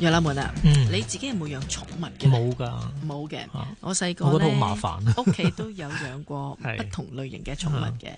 養啦，門啊！你自己有冇養寵物嘅？冇㗎，冇嘅。我細個咧，我覺得好麻煩。屋企都有養過不同類型嘅寵物嘅。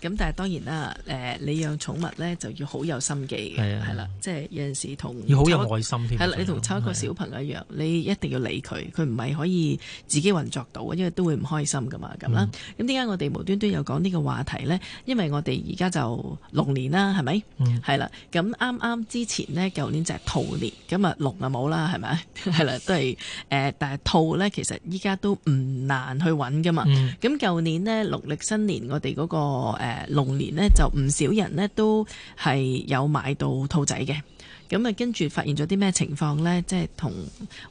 咁但係當然啦，誒，你養寵物咧就要好有心機嘅，係啦，即係有陣時同要好有愛心添。係啦，你同湊一個小朋友一樣，你一定要理佢，佢唔係可以自己運作到，因為都會唔開心㗎嘛。咁啦，咁點解我哋無端端有講呢個話題咧？因為我哋而家就龍年啦，係咪？係啦，咁啱啱之前咧，舊年就係兔年，咁啊咪冇啦，係咪？係 啦，都係誒，但係兔咧，其實依家都唔難去揾噶嘛。咁舊、嗯、年呢，農曆新年我哋嗰、嗰個誒龍、呃、年呢，就唔少人呢，都係有買到兔仔嘅。咁啊，跟住發現咗啲咩情況呢？即係同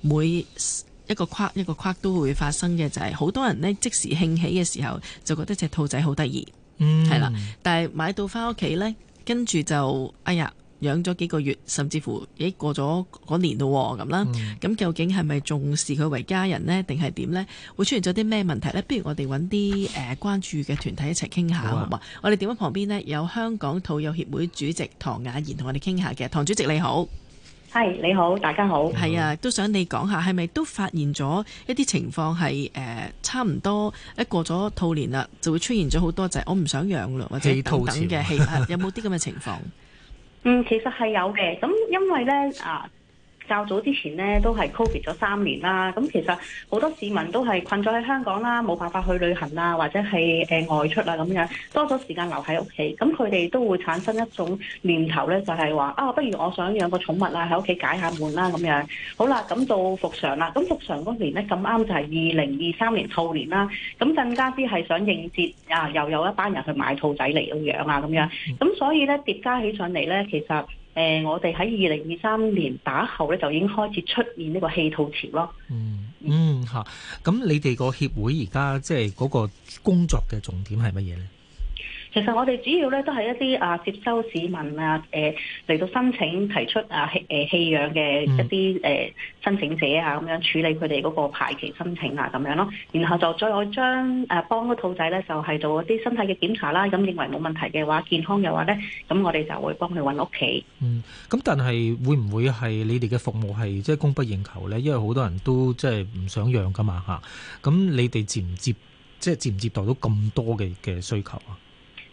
每一個框一個框都會發生嘅，就係好多人呢，即時興起嘅時候，就覺得隻兔仔好得意，係、嗯、啦。但係買到翻屋企呢，跟住就哎呀～養咗幾個月，甚至乎已過咗嗰年咯，咁啦，咁、嗯、究竟，係咪重視佢為家人呢？定係點呢？會出現咗啲咩問題呢？不如我哋揾啲誒關注嘅團體一齊傾下好嘛、啊？我哋電話旁邊呢，有香港兔友協會主席唐雅賢同我哋傾下嘅。唐主席你好。係你好，大家好，係、嗯、啊，都想你講下係咪都發現咗一啲情況，係誒差唔多一過咗兔年啦，就會出現咗好多就係我唔想養啦，或者等嘅氣壓，有冇啲咁嘅情況？嗯，其實係有嘅，咁因為咧啊，較早之前咧都係 Covid 咗三年啦，咁其實好多市民都係困咗喺香港啦，冇辦法去旅行啦，或者係誒、呃、外出啊咁樣，多咗時間留喺屋企，咁佢哋都會產生一種念頭咧，就係、是、話啊，不如我想養個寵物啊，喺屋企解下悶啦咁樣。好啦，咁到復常啦，咁復常嗰年咧咁啱就係二零二三年兔年啦，咁更加之係想應節啊，又有一班人去買兔仔嚟到養啊咁樣，咁所以咧疊加起上嚟咧，其實。誒、呃，我哋喺二零二三年打後咧，就已經開始出現呢個棄兔潮咯。嗯嗯吓，咁、嗯、你哋個協會而家即係嗰個工作嘅重點係乜嘢咧？其實我哋主要咧都係一啲啊接收市民啊，誒嚟到申請提出啊棄誒棄養嘅一啲誒、啊、申請者啊，咁樣處理佢哋嗰個排期申請啊，咁樣咯。然後就再我將誒、啊、幫個兔仔咧，就係、是、做一啲身體嘅檢查啦。咁、啊、認為冇問題嘅話，健康嘅話咧，咁我哋就會幫佢搵屋企。嗯，咁但係會唔會係你哋嘅服務係即係供不應求咧？因為好多人都即係唔想養噶嘛嚇。咁你哋接唔接即係、就是、接唔接待到咁多嘅嘅需求啊？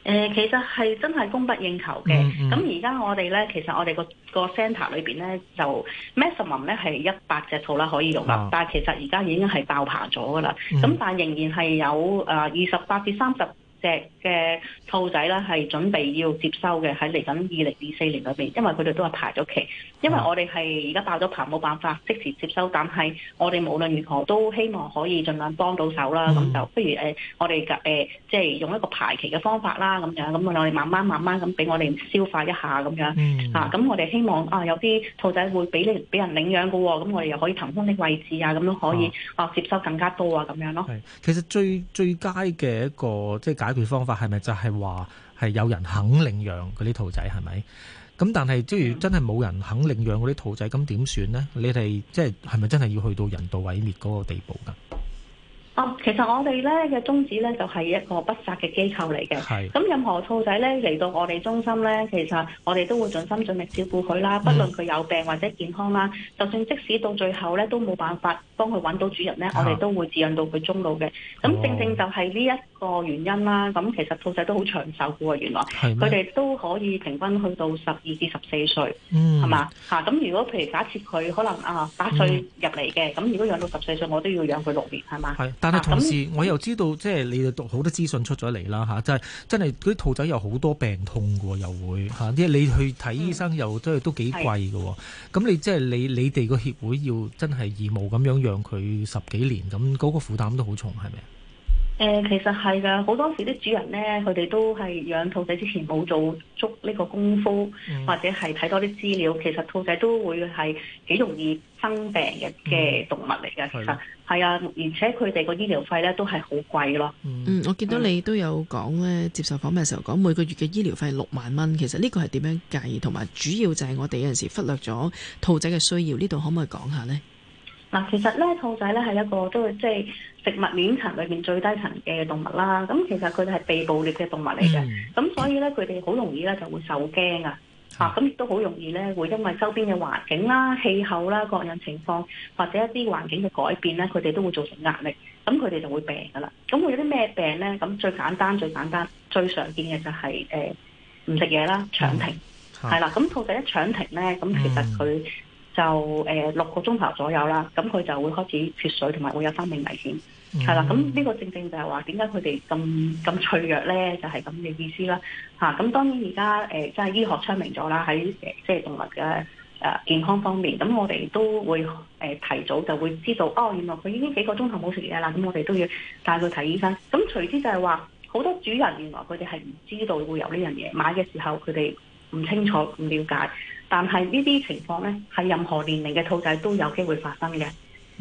誒，其實係真係供不應求嘅。咁而家我哋咧，其實我哋個個 centre 裏邊咧，就 maximum 咧係一百隻兔啦，可以用啦。哦、但係其實而家已經係爆棚咗噶啦。咁、嗯、但係仍然係有誒二十八至三十隻嘅兔仔啦，係準備要接收嘅，喺嚟緊二零二四年裏邊，因為佢哋都係排咗期。因為我哋係而家爆咗棚，冇辦法即時接收，但係我哋無論如何都希望可以盡量幫到手啦。咁就不如誒，我哋嘅誒，即係用一個排期嘅方法啦，咁樣咁我哋慢慢慢慢咁俾我哋消化一下咁樣。嗯。咁我哋希望啊有啲兔仔會俾你俾人領養嘅喎，咁我哋又可以騰空啲位置啊，咁樣可以啊接收更加多啊咁樣咯。係，其實最最佳嘅一個即係解解決方法係咪就係話係有人肯領養嗰啲兔仔係咪？咁但係即係真係冇人肯領養嗰啲兔仔，咁點算呢？你哋即係係咪真係要去到人道毀滅嗰個地步噶？其實我哋咧嘅宗旨咧就係一個不殺嘅機構嚟嘅。係是。咁任何兔仔咧嚟到我哋中心咧，其實我哋都會盡心盡力照顧佢啦。不論佢有病或者健康啦，嗯、就算即使到最後咧都冇辦法幫佢揾到主人咧，啊、我哋都會飼養到佢中老嘅。咁正正就係呢一個原因啦。咁其實兔仔都好長壽嘅，原來。佢哋嗎都可以平均去到十二至十四歲。嗯。係嘛？嚇！咁如果譬如假設佢可能啊八歲入嚟嘅，咁、啊嗯、如果養到十四歲，我都要養佢六年係嘛？係。但係同。嗯嗯、我又知道，即係你哋讀好多資訊出咗嚟啦，吓、啊，真真係啲兔仔又好多病痛噶，又會吓啲、啊、你去睇醫生又、嗯、都都幾貴噶，咁的你即係你你哋個協會要真係義務咁樣養佢十幾年，咁嗰個負擔都好重，係咪啊？誒、呃，其實係噶，好多時啲主人咧，佢哋都係養兔仔之前冇做足呢個功夫，嗯、或者係睇多啲資料。其實兔仔都會係幾容易生病嘅嘅動物嚟噶，其實。係啊，而且佢哋個醫療費咧都係好貴咯。嗯，我見到你都有講咧，的接受訪問嘅時候講每個月嘅醫療費六萬蚊，其實呢個係點樣計？同埋主要就係我哋有陣時忽略咗兔仔嘅需要，呢度可唔可以講下呢？嗱，其實咧兔仔咧係一個都係即係食物鏈層裏面最低層嘅動物啦。咁其實佢哋係被捕獵嘅動物嚟嘅，咁、嗯、所以咧佢哋好容易咧就會受驚啊。啊，咁亦都好容易咧，會因為周邊嘅環境啦、氣候啦、各種情況，或者一啲環境嘅改變咧，佢哋都會造成壓力，咁佢哋就會病㗎喇。咁會有啲咩病咧？咁最簡單、最簡單、最常見嘅就係誒唔食嘢啦，腸停，係、嗯嗯、啦。咁兔仔一腸停咧，咁其實佢就誒六、呃、個鐘頭左右啦，咁佢就會開始缺水，同埋會有生命危險。係啦，咁呢、mm hmm. 個正正就係話點解佢哋咁咁脆弱咧？就係咁嘅意思啦。嚇、啊，咁當然而家誒，即係醫學昌明咗啦，喺誒即係動物嘅誒、呃、健康方面，咁、嗯、我哋都會誒、呃、提早就會知道，哦，原來佢已經幾個鐘頭冇食嘢啦，咁、嗯、我哋都要帶佢睇醫生。咁、嗯、隨之就係話好多主人原來佢哋係唔知道會有呢樣嘢，買嘅時候佢哋唔清楚唔了解，但係呢啲情況咧係任何年齡嘅兔仔都有機會發生嘅。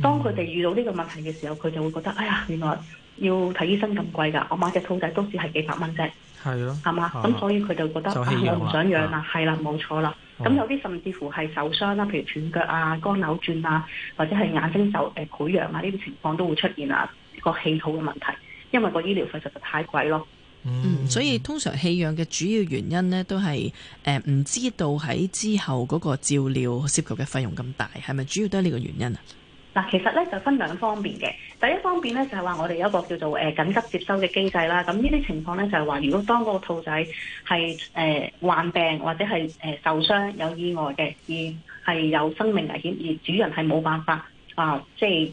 當佢哋遇到呢個問題嘅時候，佢就會覺得：哎呀，原來要睇醫生咁貴㗎。我買隻兔仔都只係幾百蚊啫，係咯，係嘛？咁所以佢就覺得、啊、我唔想養啦。係啦、啊，冇錯啦。咁、啊、有啲甚至乎係受傷啦，譬如斷腳啊、肝扭轉啊，或者係眼睛受誒潰瘍啊，呢啲情況都會出現啊。那個棄兔嘅問題，因為個醫療費實在太貴咯。嗯，所以通常棄養嘅主要原因呢，都係誒唔知道喺之後嗰個照料涉，涉及嘅費用咁大，係咪主要都係呢個原因啊？嗱，其實咧就分兩方面嘅。第一方面咧就係話我哋有一個叫做誒緊急接收嘅機制啦。咁呢啲情況咧就係話，如果當嗰個兔仔係誒患病或者係誒、呃、受傷有意外嘅，而係有生命危險而主人係冇辦法啊，即係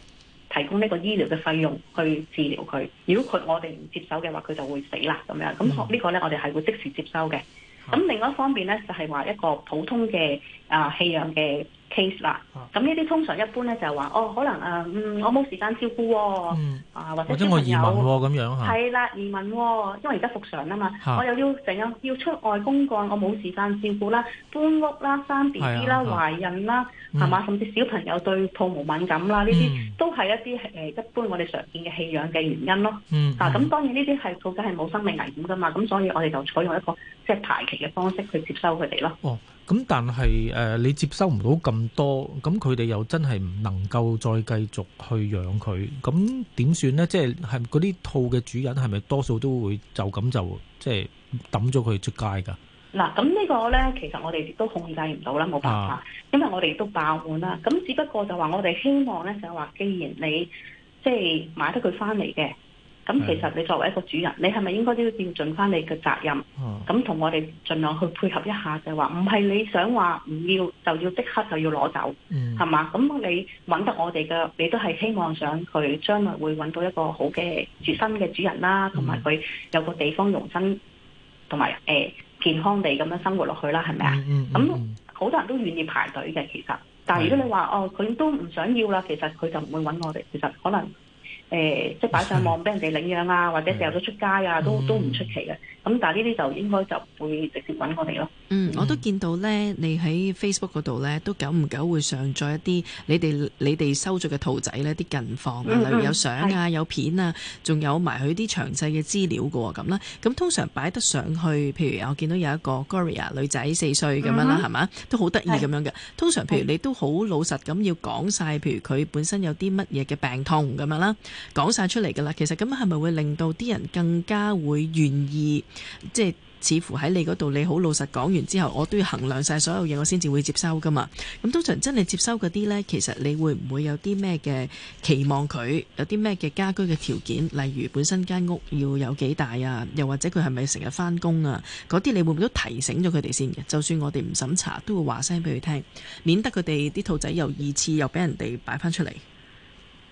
提供呢個醫療嘅費用去治療佢。如果佢我哋唔接收嘅話，佢就會死啦咁樣。咁呢個咧我哋係會即時接收嘅。咁另外一方面咧就係話一個普通嘅啊棄養嘅。case 啦，咁呢啲通常一般咧就係話，哦，nó，可能誒、呃，我冇時間照顧喎、啊，啊、嗯、或者小朋友咁樣嚇，係啦，移民喎，是是因為而家復常啦嘛，我又要成日要出外公幹，我冇時間照顧啦，搬屋啦、啊、生 B B 啦、懷孕啦、啊，係嘛、嗯嗯欸，甚至小朋友對兔毛敏感啦，呢啲都係一啲誒一般我哋常見嘅棄養嘅原因咯、嗯。嗯，啊，咁當然呢啲係到底係冇生命危險噶嘛，咁所以我哋就採用一個即係排期嘅方式去接收佢哋咯。哦。咁但係誒，你接收唔到咁多，咁佢哋又真係唔能夠再繼續去養佢，咁點算呢？即係係嗰啲兔嘅主人係咪多數都會就咁就即係抌咗佢出街㗎？嗱，咁呢個呢，其實我哋亦都控制唔到啦，冇辦法，因為我哋亦都爆滿啦。咁只不過就話我哋希望呢，就係話，既然你即係買得佢翻嚟嘅。咁、嗯、其實你作為一個主人，你係咪應該都要盡翻你嘅責任？咁同、哦、我哋盡量去配合一下，就係話唔係你想話唔要就要即刻就要攞走，係嘛、嗯？咁你揾得我哋嘅，你都係希望想佢將來會揾到一個好嘅終身嘅主人啦，同埋佢有個地方容身，同埋誒健康地咁樣生活落去啦，係咪啊？咁好、嗯嗯嗯、多人都願意排隊嘅，其實，但係如果你話、嗯、哦佢都唔想要啦，其實佢就唔會揾我哋，其實可能。誒、呃，即係擺上網俾人哋領養啊，或者掉咗出街啊，都都唔出奇嘅。咁但係呢啲就應該就會直接揾我哋咯。嗯，我都見到呢，你喺 Facebook 嗰度呢，都久唔久會上載一啲你哋你哋收咗嘅兔仔呢啲近況啊，例如有相啊，有片啊，仲有埋佢啲詳細嘅資料嘅喎、哦，咁啦。咁通常擺得上去，譬如我見到有一個 Gloria 女仔四歲咁樣啦，係嘛、嗯哼，都好得意咁樣嘅。的通常譬如你都好老實咁要講晒，譬如佢本身有啲乜嘢嘅病痛咁樣啦。講晒出嚟㗎啦，其實咁樣係咪會令到啲人更加會願意？即係似乎喺你嗰度，你好老實講完之後，我都要衡量晒所有嘢，我先至會接收㗎嘛。咁通常真係接收嗰啲呢，其實你會唔會有啲咩嘅期望佢？有啲咩嘅家居嘅條件？例如本身間屋要有幾大啊？又或者佢係咪成日翻工啊？嗰啲你會唔會都提醒咗佢哋先嘅？就算我哋唔審查，都會話聲俾佢聽，免得佢哋啲兔仔又二次又俾人哋擺翻出嚟。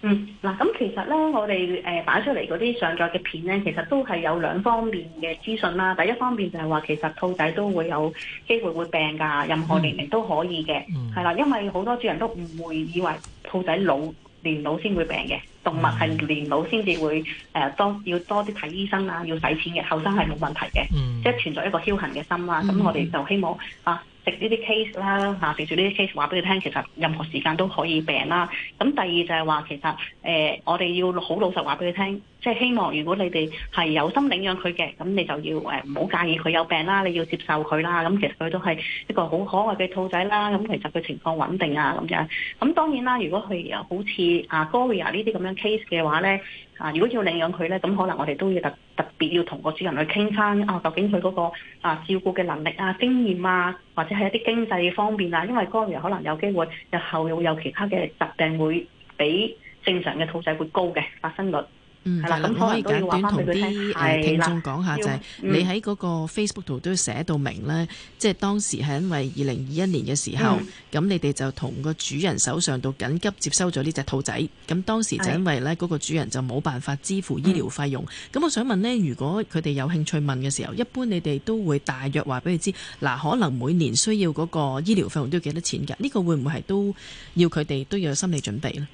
嗯，嗱咁其實咧，我哋誒、呃、擺出嚟嗰啲上載嘅片咧，其實都係有兩方面嘅資訊啦。第一方面就係話，其實兔仔都會有機會會病㗎，任何年齡都可以嘅，係啦、嗯，因為好多主人都唔會以為兔仔老年老先會病嘅，動物係年老先至會誒、呃、多要多啲睇醫生啊，要使錢嘅，後生係冇問題嘅，嗯嗯、即係存在一個僥倖嘅心啦、啊。咁我哋就希望啊～食呢啲 case 啦嚇，食住呢啲 case 話俾佢聽，其實任何時間都可以病啦。咁第二就係話其實誒、呃，我哋要好老實話俾佢聽，即係希望如果你哋係有心領養佢嘅，咁你就要誒唔好介意佢有病啦，你要接受佢啦。咁其實佢都係一個好可愛嘅兔仔啦。咁其實佢情況穩定啊咁樣。咁當然啦，如果佢好似阿 Goria 呢啲咁樣 case 嘅話呢。啊！如果要領養佢咧，咁可能我哋都要特特別要同個主人去傾翻啊，究竟佢嗰個啊照顧嘅能力啊、經驗啊，或者係一啲經濟方面啊，因為嗰個人可能有機會日後又會有其他嘅疾病會比正常嘅兔仔會高嘅發生率。嗯，嗱的，嗯、可以簡短同啲誒聽眾講下就係，你喺嗰個 Facebook 度都寫到明呢。即、就、係、是、當時係因為二零二一年嘅時候，咁、嗯、你哋就同個主人手上度緊急接收咗呢隻兔仔，咁當時就因為呢嗰個主人就冇辦法支付醫療費用，咁、嗯、我想問呢，如果佢哋有興趣問嘅時候，一般你哋都會大約話俾佢知，嗱，可能每年需要嗰個醫療費用都要幾多錢㗎？呢、這個會唔會係都要佢哋都有心理準備咧？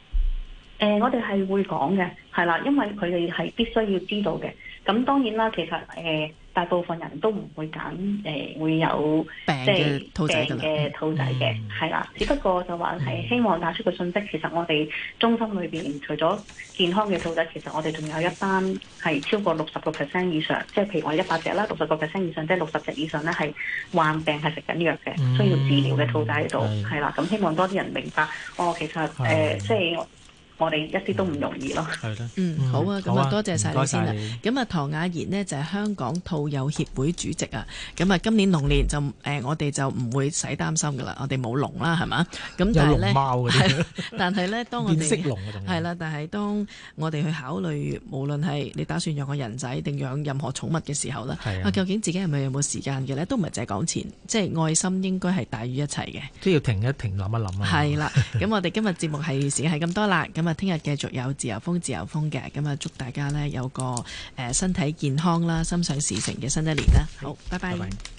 誒，我哋係會講嘅，係啦，因為佢哋係必須要知道嘅。咁當然啦，其實誒，大部分人都唔會揀誒，會有病嘅病嘅兔仔嘅，係啦。只不過就話係希望打出個訊息，其實我哋中心裏邊除咗健康嘅兔仔，其實我哋仲有一班係超過六十個 percent 以上，即係譬如我一百隻啦，六十個 percent 以上，即係六十隻以上咧，係患病係食緊藥嘅，需要治療嘅兔仔喺度係啦。咁希望多啲人明白，哦，其實誒，即係。我哋一啲都唔容易咯。係咯。嗯，好啊，咁啊，多謝晒你先啦。咁啊，唐雅賢咧就係香港兔友協會主席啊。咁啊，今年龍年就誒，我哋就唔會使擔心噶啦。我哋冇龍啦，係嘛？咁有龍貓嗰啲。但係咧，當我哋係啦。但係當我哋去考慮，無論係你打算養個人仔定養任何寵物嘅時候啦，啊，究竟自己係咪有冇時間嘅咧？都唔係淨係講錢，即係愛心應該係大於一切嘅。都要停一停，諗一諗啊。係啦，咁我哋今日節目係時間係咁多啦，咁。咁聽日繼續有自由風，自由風嘅，咁啊，祝大家呢有個身體健康啦，心想事成嘅新一年啦。好，Okay. 拜拜。Bye bye.